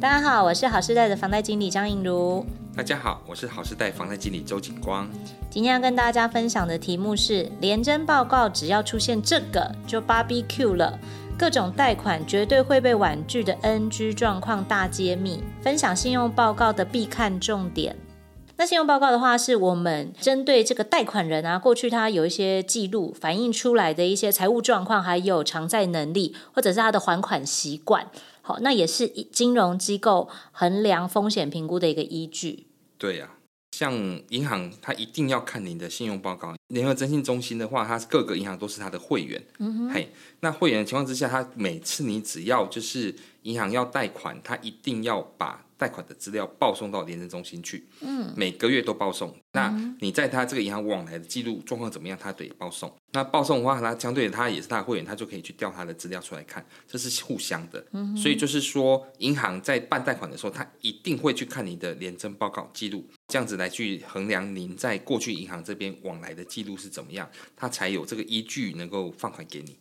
大家好，我是好事貸的房貸經理張映茹。大家好，我是好事貸房貸經理周景光。今天要跟大家分享的題目是：聯徵報告只要出現這個，就芭比 Q 了，各種貸款絕對會被婉拒的 NG 狀況大揭密，分享信用報告的必看重點。那信用報告的話，是我們針對這個貸款人啊，過去他有一些記錄反映出來的一些財務狀況，還有償債能力，或者是他的還款習慣，好，那也是金融機構衡量風險評估的一個依據。對呀，啊，像銀行，它一定要看您的信用報告。聯合徵信中心的話，它各個銀行都是它的會員。嗯哼。嘿，那會員的情況之下，他每次你只要就是銀行要貸款，他一定要把。貸款的資料報送到聯徵中心去，嗯，每個月都報送。嗯。那你在他這個銀行往來的記錄狀況怎麼樣，他得報送。那報送的話，他相對的他也是他的會員，他就可以去調他的資料出來看，這是互相的。嗯、所以就是說，銀行在辦貸款的時候，他一定會去看你的聯徵報告記錄，這樣子來去衡量您在過去銀行這邊往來的記錄是怎麼樣，他才有這個依據能夠放款給你。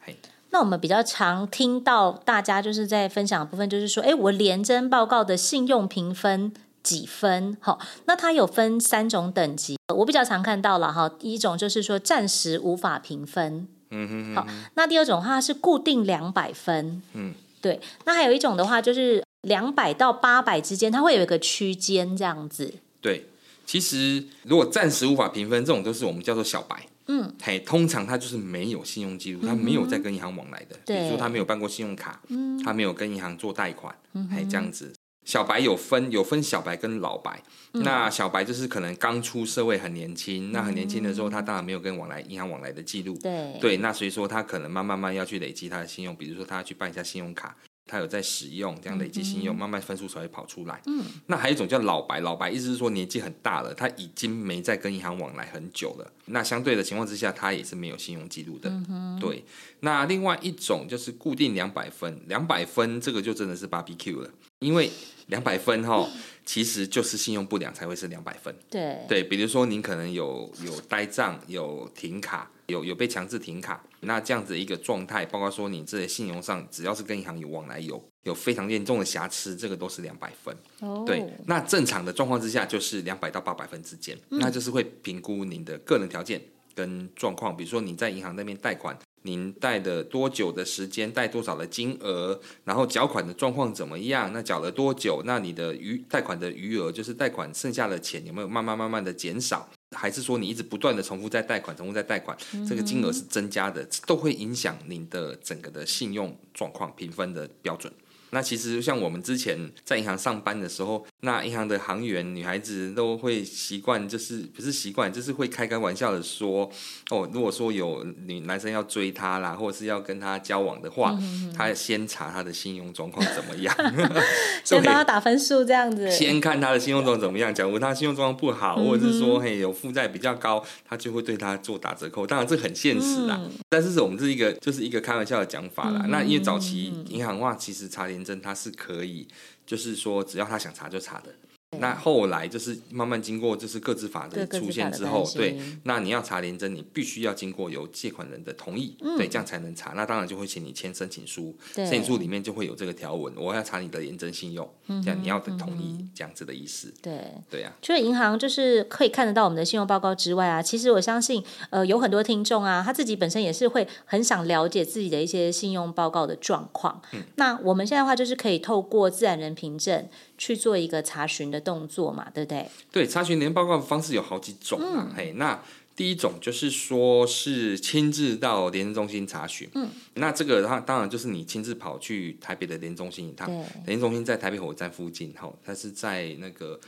嘿。那我們比較常聽到大家就是在分享的部分，就是說，哎，我聯徵報告的信用評分幾分？好、哦，那它有分三種等級，我比較常看到了哈。第一種就是說暫時無法評分，嗯哼好、嗯哦，那第二種的話是固定兩百分，嗯，對。那還有一種的話就是兩百到八百之間，它會有一個區間這樣子。對，其實如果暫時無法評分，這種就是我們叫做小白。嗯，通常他就是沒有信用記錄，他沒有在跟銀行往來的、嗯，比如說他沒有辦過信用卡，嗯、他沒有跟銀行做貸款，還、嗯、這樣子。小白有分，有分小白跟老白，嗯、那小白就是可能剛出社會很年輕，那很年輕的時候他當然沒有跟往來銀行往來的記錄，對、嗯、對，那所以說他可能慢慢慢慢要去累積他的信用，比如說他要去辦一下信用卡。他有在使用，這樣累積信用，嗯，慢慢分數才會跑出來。嗯，那還有一種叫老白，老白意思是說年紀很大了，他已經沒在跟銀行往來很久了。那相對的情況之下，他也是沒有信用記錄的，嗯。對，那另外一種就是固定兩百分，兩百分這個就真的是芭比 Q 了，因為兩百分哈。 其實就是信用不良才會是兩百分。對對，比如說，您可能有有呆賬、有停卡、有有被強制停卡，那這樣子一個狀態，包括說你這些信用上只要是跟銀行有往來有有非常嚴重的瑕疵，這個都是兩百分。哦，對，那正常的狀況之下就是兩百到八百分之間，那就是會評估您的個人條件跟狀況。嗯，比如說你在銀行那邊貸款。您貸的多久的時間，貸多少的金額，然後繳款的狀況怎麼樣？那繳了多久？那你的餘貸款的餘額，就是貸款剩下的錢，有沒有慢慢慢慢的減少？還是說你一直不斷的重複在貸款，重複在貸款、嗯，這個金額是增加的，都會影響您的整個的信用狀況，評分的標準。那其實像我們之前在銀行上班的時候，那銀行的行員女孩子都會習慣，就是不是習慣，就是會開開玩笑的說，哦，如果說有女男生要追她啦，或者是要跟她交往的話，嗯、她要先查她的信用狀況怎麼樣， 先幫她打分數這樣子，先看她的信用狀怎麼樣。假如她信用狀況不好，或者是說嘿有負債比較高，她就會對她做打折扣。當然這很現實啦，嗯、但是我們是一個就是一個開玩笑的講法啦、嗯。那因為早期銀行的話其實差點。他是可以，就是說，只要他想查就查的。那後來就是慢慢經過，就是個資法的出現之後，對，對，那你要查聯徵，你必須要經過有借款人的同意、嗯，對，這樣才能查。那當然就會請你簽申請書，對，申請書裡面就會有這個條文，我要查你的聯徵信用，嗯哼嗯哼，這樣你要同意，嗯哼嗯哼，這樣子的意思。對，對啊。除了銀行就是可以看得到我們的信用報告之外啊，其實我相信，呃，有很多聽眾啊，他自己本身也是會很想了解自己的一些信用報告的狀況。嗯。那我們現在的話，就是可以透過自然人憑證去做一個查詢的。動作嘛，對不對？對，查詢聯徵報告的方式有好幾種啊、嗯。嘿，那第一種就是說是親自到聯徵中心查詢。嗯，那這個的話，當然就是你親自跑去台北的聯徵中心一趟。對，聯徵中心在台北火車站附近，吼，它是在那個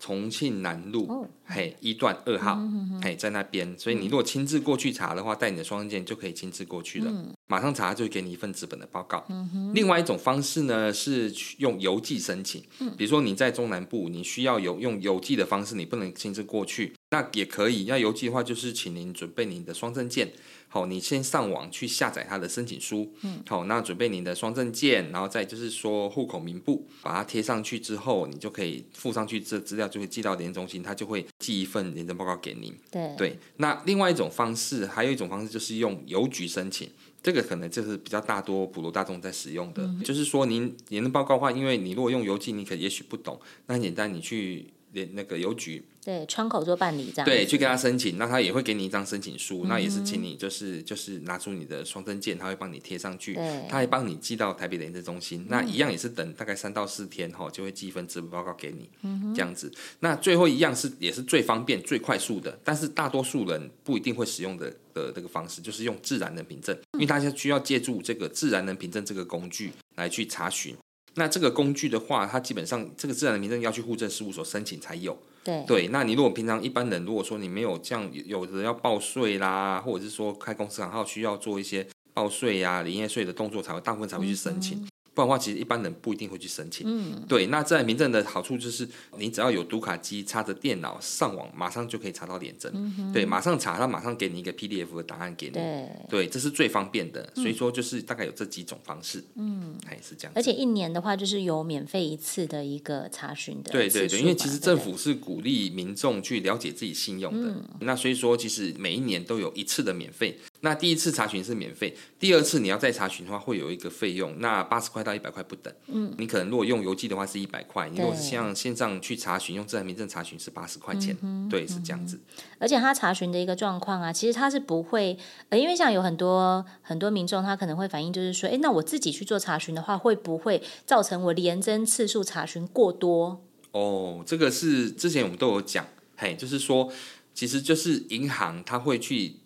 重慶南路嘿一、oh. hey, 段二號嘿、mm -hmm. hey, 在那邊，mm -hmm. 所以你如果親自過去查的話，帶你的雙證件就可以親自過去了。Mm -hmm. 馬上查就會給你一份紙本的報告。Mm -hmm. 另外一種方式呢是用郵寄申請，mm -hmm. 比如說你在中南部，你需要郵用郵寄的方式，你不能親自過去。那也可以，要郵寄的話，就是請您準備您的雙證件。好，你先上網去下載他的申請書。嗯。好，那準備您的雙證件，然後再就是說戶口名簿，把它貼上去之後，你就可以附上去這資料，就會寄到聯徵中心，他就會寄一份聯徵報告給您。對對。那另外一種方式，還有一種方式就是用郵局申請，這個可能就是比較大多普羅大眾在使用的。嗯、就是說，您聯徵報告的話，因為你如果用郵寄，你可也許不懂。那很簡單，你去。連那個郵局對窗口做辦理這樣，對，去給他申請，那他也會給你一張申請書、嗯，那也是請你就是就是拿出你的雙證件，他會幫你貼上去，他會幫你寄到台北聯徵中心、嗯，那一樣也是等大概三到四天後就會寄一份支付報告給你、嗯，這樣子。那最後一樣是也是最方便最快速的，但是大多數人不一定會使用的的這個方式，就是用自然人憑證、嗯，因為大家需要借助這個自然人憑證這個工具來去查詢。那這個工具的話，它基本上這個自然人憑證要去戶政事務所申請才有。對，對那你如果平常一般人，如果說你沒有這樣，有的人要報稅啦，或者是說開公司行號需要做一些報稅呀、啊、營業稅的動作，才會大部分才會去申請。嗯不然的話，其實一般人不一定會去申請。嗯、對，那在憑證的好處就是，你只要有讀卡機插着電腦上網，馬上就可以查到聯徵，嗯。對，馬上查，他馬上給你一個 PDF 的答案給你。對，對這是最方便的。所以說，就是大概有這幾種方式。嗯，還也是這樣。而且一年的話，就是有免費一次的一個查詢的。對對對，因為其實政府是鼓勵民眾去了解自己信用的。那所以說，其實每一年都有一次的免費。那第一次查詢是免費，第二次你要再查詢的話，會有一個費用，那八十塊到一百塊不等。嗯，你可能如果用郵寄的話是一百塊，你如果是像線上去查詢，用自然人憑證查詢是八十塊錢、嗯，對，是這樣子。嗯、而且他查詢的一個狀況啊，其實他是不會，呃，因為像有很多很多民眾，他可能會反映就是說，哎、欸，那我自己去做查詢的話，會不會造成我聯徵次數查詢過多？哦，這個是之前我們都有講，嘿，就是說，其實就是銀行他會去。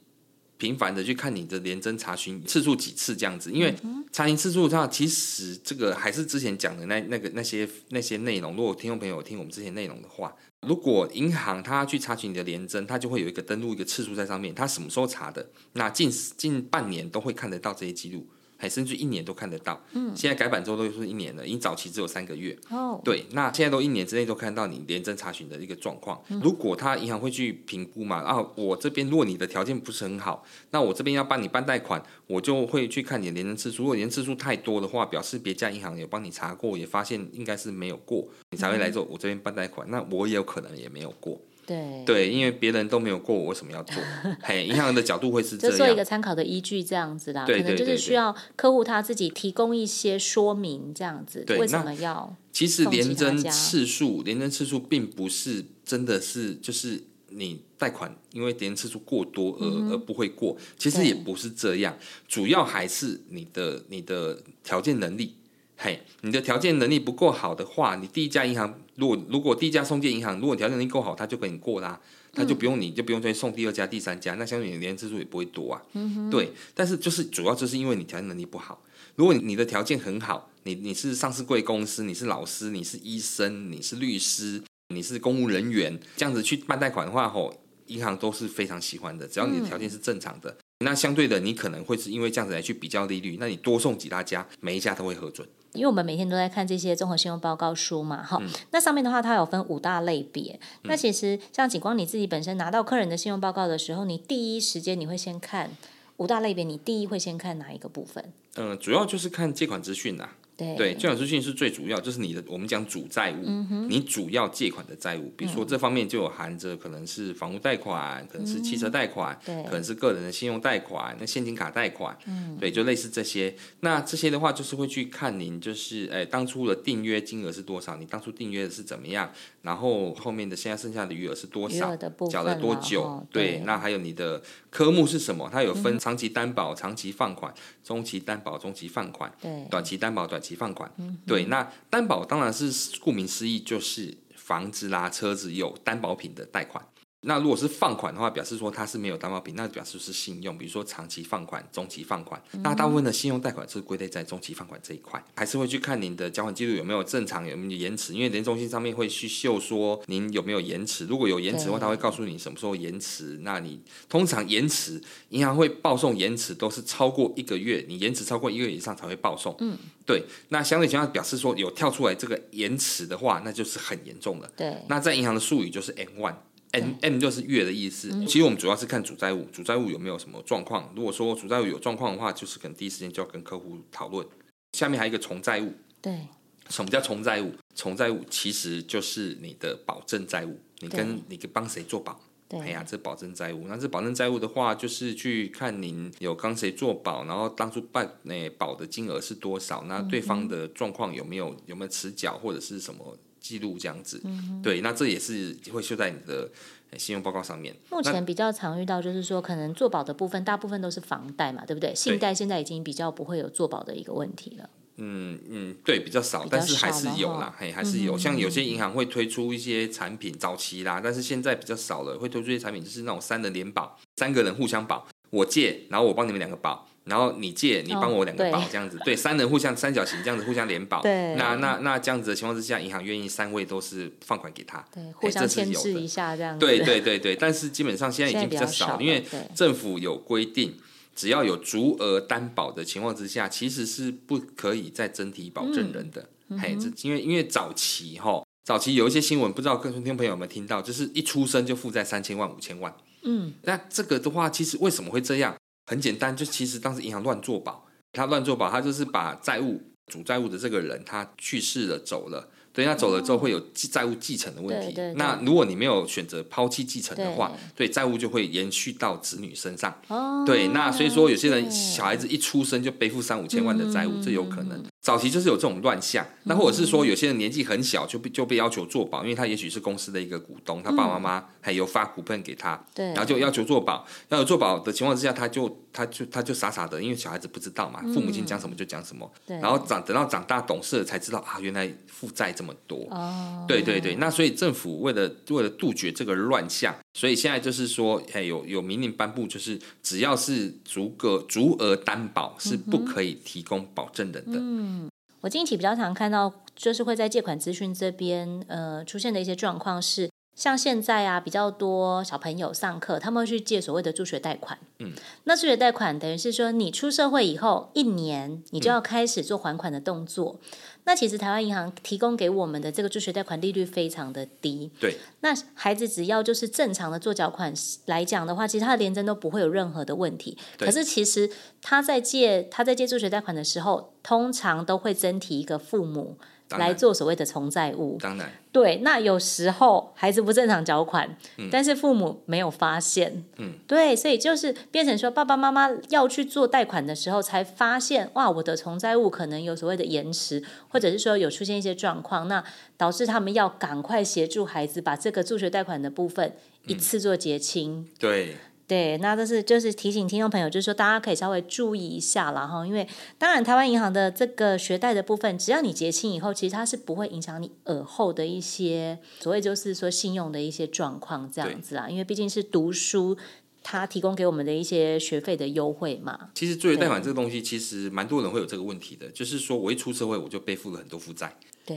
頻繁的去看你的聯徵查詢次數幾次這樣子，因為查詢次數上，其實這個還是之前講的那那個那些那些內容。如果聽眾朋友聽我們之前內容的話，如果銀行它去查詢你的聯徵，它就會有一個登錄一個次數在上面，它什麼時候查的，那近近半年都會看得到這些記錄。還甚至一年都看得到。嗯，現在改版之後都是一年了，因為早期只有三個月。Oh. 對，那現在都一年之內都看到你聯徵查詢的一個狀況。如果他銀行會去評估嘛。嗯，啊，我這邊如果你的條件不是很好，那我這邊要幫你辦貸款，我就會去看你的聯徵次數。如果聯次數太多的話，表示別家銀行有幫你查過，也發現應該是沒有過，你才會來做我這邊辦貸款。嗯。那我也有可能也沒有過。對,對，因為別人都沒有過，我為什麼要做？嘿、 hey,，銀行的角度會是這，就做一個參考的依據這樣子啦。對對對，可能就是需要客戶他自己提供一些說明這樣子。對，為什麼要？其實聯徵次，次數，聯徵次數並不是真的是就是你貸款因為聯徵次數過多而、嗯、而不會過，其實也不是這樣，主要還是你的你的條件能力。嘿、hey,，你的條件能力不夠好的話，你第一家銀行，如果如果第一家送件銀行，如果你條件能力夠好，他就給你過啦，嗯，他就不用你就不用再送第二家、第三家，那相對你的聯徵次數也不會多啊，嗯。對，但是就是主要就是因為你條件能力不好。如果你你的條件很好，你你是上市櫃公司，你是老師，你是醫生，你是律師，你是公務人員，這樣子去辦貸款的話，吼，哦，銀行都是非常喜歡的。只要你的條件是正常的，嗯、那相對的你可能會是因為這樣子來去比較利率，那你多送幾大家，每一家都會核准。因為我們每天都在看這些綜合信用報告書嘛，哈、嗯，那上面的話它有分五大類別、嗯。那其實像景光你自己本身拿到客人的信用報告的時候，你第一時間你會先看五大類別，你第一會先看哪一個部分？嗯、呃，主要就是看借款資訊吶、啊。對，借款資訊是最主要，就是你的，我們講主債務、嗯，你主要借款的債務，比如說這方面就有含着，可能是房屋貸款，可能是汽車貸款，嗯、可能是個人的信用貸款，那現金卡貸款、嗯，對，就類似這些。那這些的話，就是會去看您，就是誒、哎、當初的訂約金額是多少，你當初訂約是怎麼樣，然後後面的現在剩下的餘額是多少，了繳了多久、哦對，對，那還有你的科目是什麼？它有分長期擔保、長期放款、中期擔保、中期放款，嗯、對，短期擔保、短期及放款、嗯，對，那擔保當然是顧名思義，就是房子啦、車子有擔保品的貸款。那如果是放款的話，表示說它是沒有擔保品，那表示是信用，比如說長期放款、中期放款。那大，大部分的信用貸款是歸類在，在中期放款這一塊、嗯，還是會去看您的繳款紀錄有沒有正常，有沒有延遲，因為聯徵中心上面會去秀說您有沒有延遲。如果有延遲的話，他會告訴你什麼時候延遲。那你通常延遲，銀行會報送延遲都是超過一個月，你延遲超過一個月以上才會報送。嗯，對。那相對情況表示說有跳出來這個延遲的話，那就是很嚴重的。對。那在銀行的術語就是 M 1。M M 就是月的意思，嗯。其實我們主要是看主債務，主債務有沒有什麼狀況。如果說主債務有狀況的話，就是可能第一時間就要跟客戶討論。下面還有一個從債務，對，什麼叫從債務？從債務其實就是你的保證債務，你跟你幫誰做保？對，哎呀，這保證債務，那這保證債務的話，就是去看您有幫誰做保，然後當初辦那保的金額是多少？那對方的狀況有沒有有沒有遲繳或者是什麼？記錄這樣子，嗯，對，那這也是會秀在你的信用報告上面。目前比較常遇到就是說，可能做保的部分，大部分都是房貸嘛，對不對？信貸現在已經比較不會有做保的一個問題了。嗯嗯，對比，比較少，但是還是有啦，還、嗯、還是有。像有些銀行會推出一些產品，早期啦，但是現在比較少了，會推出一些產品，就是那種三人聯保，三個人互相保，我借，然後我幫你們兩個保。然後你借，你幫我兩個保。oh, 這樣子，對，三人互相三角形這樣子互相聯保，對。那那那這樣子的情況之下，銀行願意三位都是放款給他，對，互相牽制一下這樣子。對對對對，但是基本上現在已經比較少，較了因為政府有規定，只要有足額擔保的情況之下，其實是不可以再徵提保證人的。嗯、這因為因為早期哈，早期有一些新聞，不知道各位聽眾朋友們有沒有聽到，就是一出生就負債三千萬五千萬。嗯，那這個的話，其實為什麼會這樣？很簡單，就其實當時銀行亂做保，他亂做保，他就是把債務主債務的這個人，他去世了，走了，對，他走了之後會有債務繼承的問題、嗯對對對。那如果你沒有選擇拋棄繼承的話，對，債務就會延續到子女身上。哦、對，那所以說有些人小孩子一出生就背負三五千萬的債務、嗯，這有可能。早期就是有這種亂象，那或者是說有些人年紀很小就被、嗯、就被要求做保，因為他也許是公司的一個股東，他爸爸媽媽還有發股份給他、嗯，然後就要求做保。要有做保的情況之下，他就他就他就，他就傻傻的，因為小孩子不知道嘛，父母親講什麼就講什麼、嗯，然後長等到長大懂事了才知道啊，原來負債這麼多、哦。對對對，那所以政府為了為了杜絕這個亂象。所以現在就是說，哎，有有明令頒布，就是只要是足額足額擔保、嗯、是不可以提供保證的。嗯，我近期比較常看到，就是會在借款資訊這邊，呃，出現的一些狀況是，像現在啊，比較多小朋友上課，他們會去借所謂的助學貸款。嗯，那助學貸款等於是說，你出社會以後一年，你就要開始做還款的動作。嗯那其實台灣銀行提供給我們的這個助學貸款利率非常的低，對。那孩子只要就是正常的做繳款來講的話，其實他連徵都不會有任何的問題。可是，其實他在借，他在借助學貸款的時候，通常都會徵提一個父母。來做所謂的從債務，當然，對。那有時候孩子不正常繳款，嗯，但是父母沒有發現，嗯，對，所以就是變成說，爸爸媽媽要去做貸款的時候，才發現哇，我的從債務可能有所謂的延遲，嗯，或者是說有出現一些狀況，那導致他們要趕快協助孩子把這個助學貸款的部分一次做結清，嗯、對。對，那都是就是提醒聽眾朋友，就是說大家可以稍微注意一下了哈，因為當然台灣銀行的這個學貸的部分，只要你結清以後，其實它是不會影響你爾後的一些所謂就是說信用的一些狀況這樣子啊，因為畢竟是讀書，它提供給我們的一些學費的優惠嘛。其實助學貸款這個東西，其實蠻多人會有這個問題的，就是說我一出社會，我就背負了很多負債。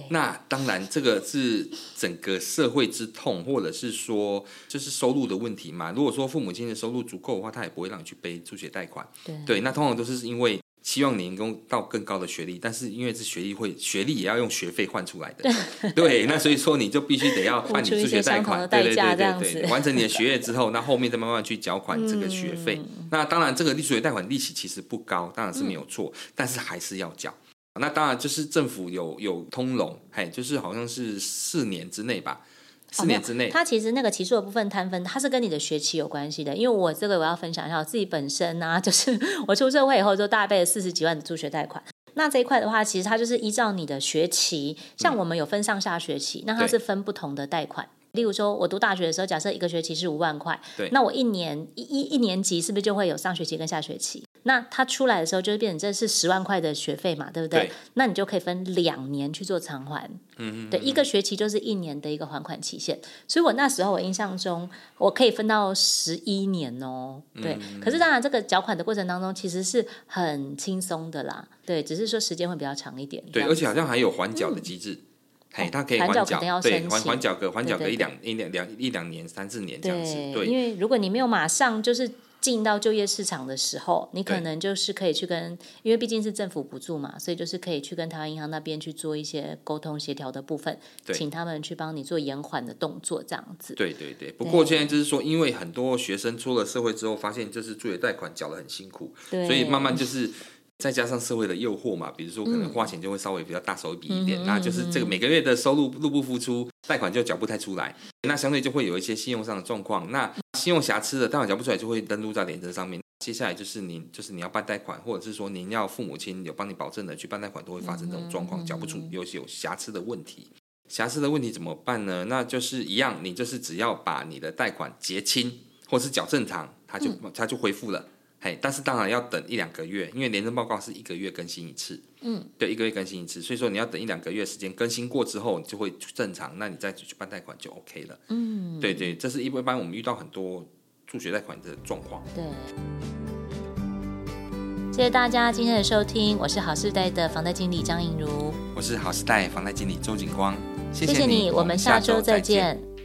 那當然，這個是整個社會之痛，或者是說就是收入的問題嘛。如果說父母親的收入足夠的話，他也不會讓你去背助學貸款。對，對那通常都是因為希望你能夠到更高的學歷，但是因為是學歷會，學歷也要用學費換出來的。對，對對那所以說你就必須得要還你助學貸款。的價對對對對對，完成你的學業之後，那後，後面再慢慢去繳款這個學費。嗯、那當然，這個助學貸款利息其實不高，當然是沒有錯，嗯、但是還是要繳。那當然就是政府有有通融，嘿，就是好像是四年之內吧，四年之內，它、oh, no. 其實那個期數的部分攤分，它是跟你的學期有關係的。因為我這個我要分享一下，我自己本身呢、啊，就是我出社會以後就大概背了四十幾萬的助學貸款。那這一塊的話，其實它就是依照你的學期，像我們有分上下學期，嗯、那它是分不同的貸款。例如說，我讀大學的時候，假設一個學期是五萬塊，對，那我一年一一一年級是不是就會有上學期跟下學期？那他出來的時候，就是變成這是十萬塊的學費嘛，對不對，對？那你就可以分兩年去做償還。嗯，哼嗯哼對，一個學期就是一年的一個還款期限，所以我那時候我印象中，我可以分到十一年哦。對。嗯、可是當然，這個繳款的過程當中，其實是很輕鬆的啦。對，只是說時間會比較長一點。對，對而且好像還有還繳，繳的機制。嗯嘿，他可以緩繳、哦，對，緩緩繳個緩繳個一兩一兩兩一兩年三四年這樣子對。對，因為如果你沒有馬上就是進到就業市場的時候，你可能就是可以去跟，因為畢竟是政府補助嘛，所以就是可以去跟台灣銀行那邊去做一些溝通協調的部分，請他們去幫你做延緩的動作這樣子。對對對。不過現在就是說，對因為很多學生出了社會之後，發現就是助學貸款繳的很辛苦對，所以慢慢就是。 再加上社會的誘惑嘛，比如說可能花錢就會稍微比較大手一筆一點，嗯，那就是這個每個月的收入入不敷出，貸款就繳不太出來，那相對就會有一些信用上的狀況。那信用瑕疵的貸款繳不出來，就會登錄在聯徵上面。接下來就是您，就是你要辦貸款，或者是說您要父母親有幫你保證的去辦貸款，都會發生這種狀況，繳不出有有瑕疵的問題。瑕疵的問題怎麼辦呢？那就是一樣，你就是只要把你的貸款結清，或是繳正常，它就它就恢復了。嗯 Hey, 但是當然要等一兩個月，因為聯徵報告是一個月更新一次。嗯，對，一個月更新一次，所以說你要等一兩個月時間更新過之後，你就會正常，那你再去辦貸款就 OK 了。嗯，對，對對，這是一般我們遇到很多助學貸款的狀況。對，謝謝大家今天的收聽，我是好事貸的房貸經理張穎如，我是好事貸房貸經理周景光謝謝，謝謝你，我們下周再見。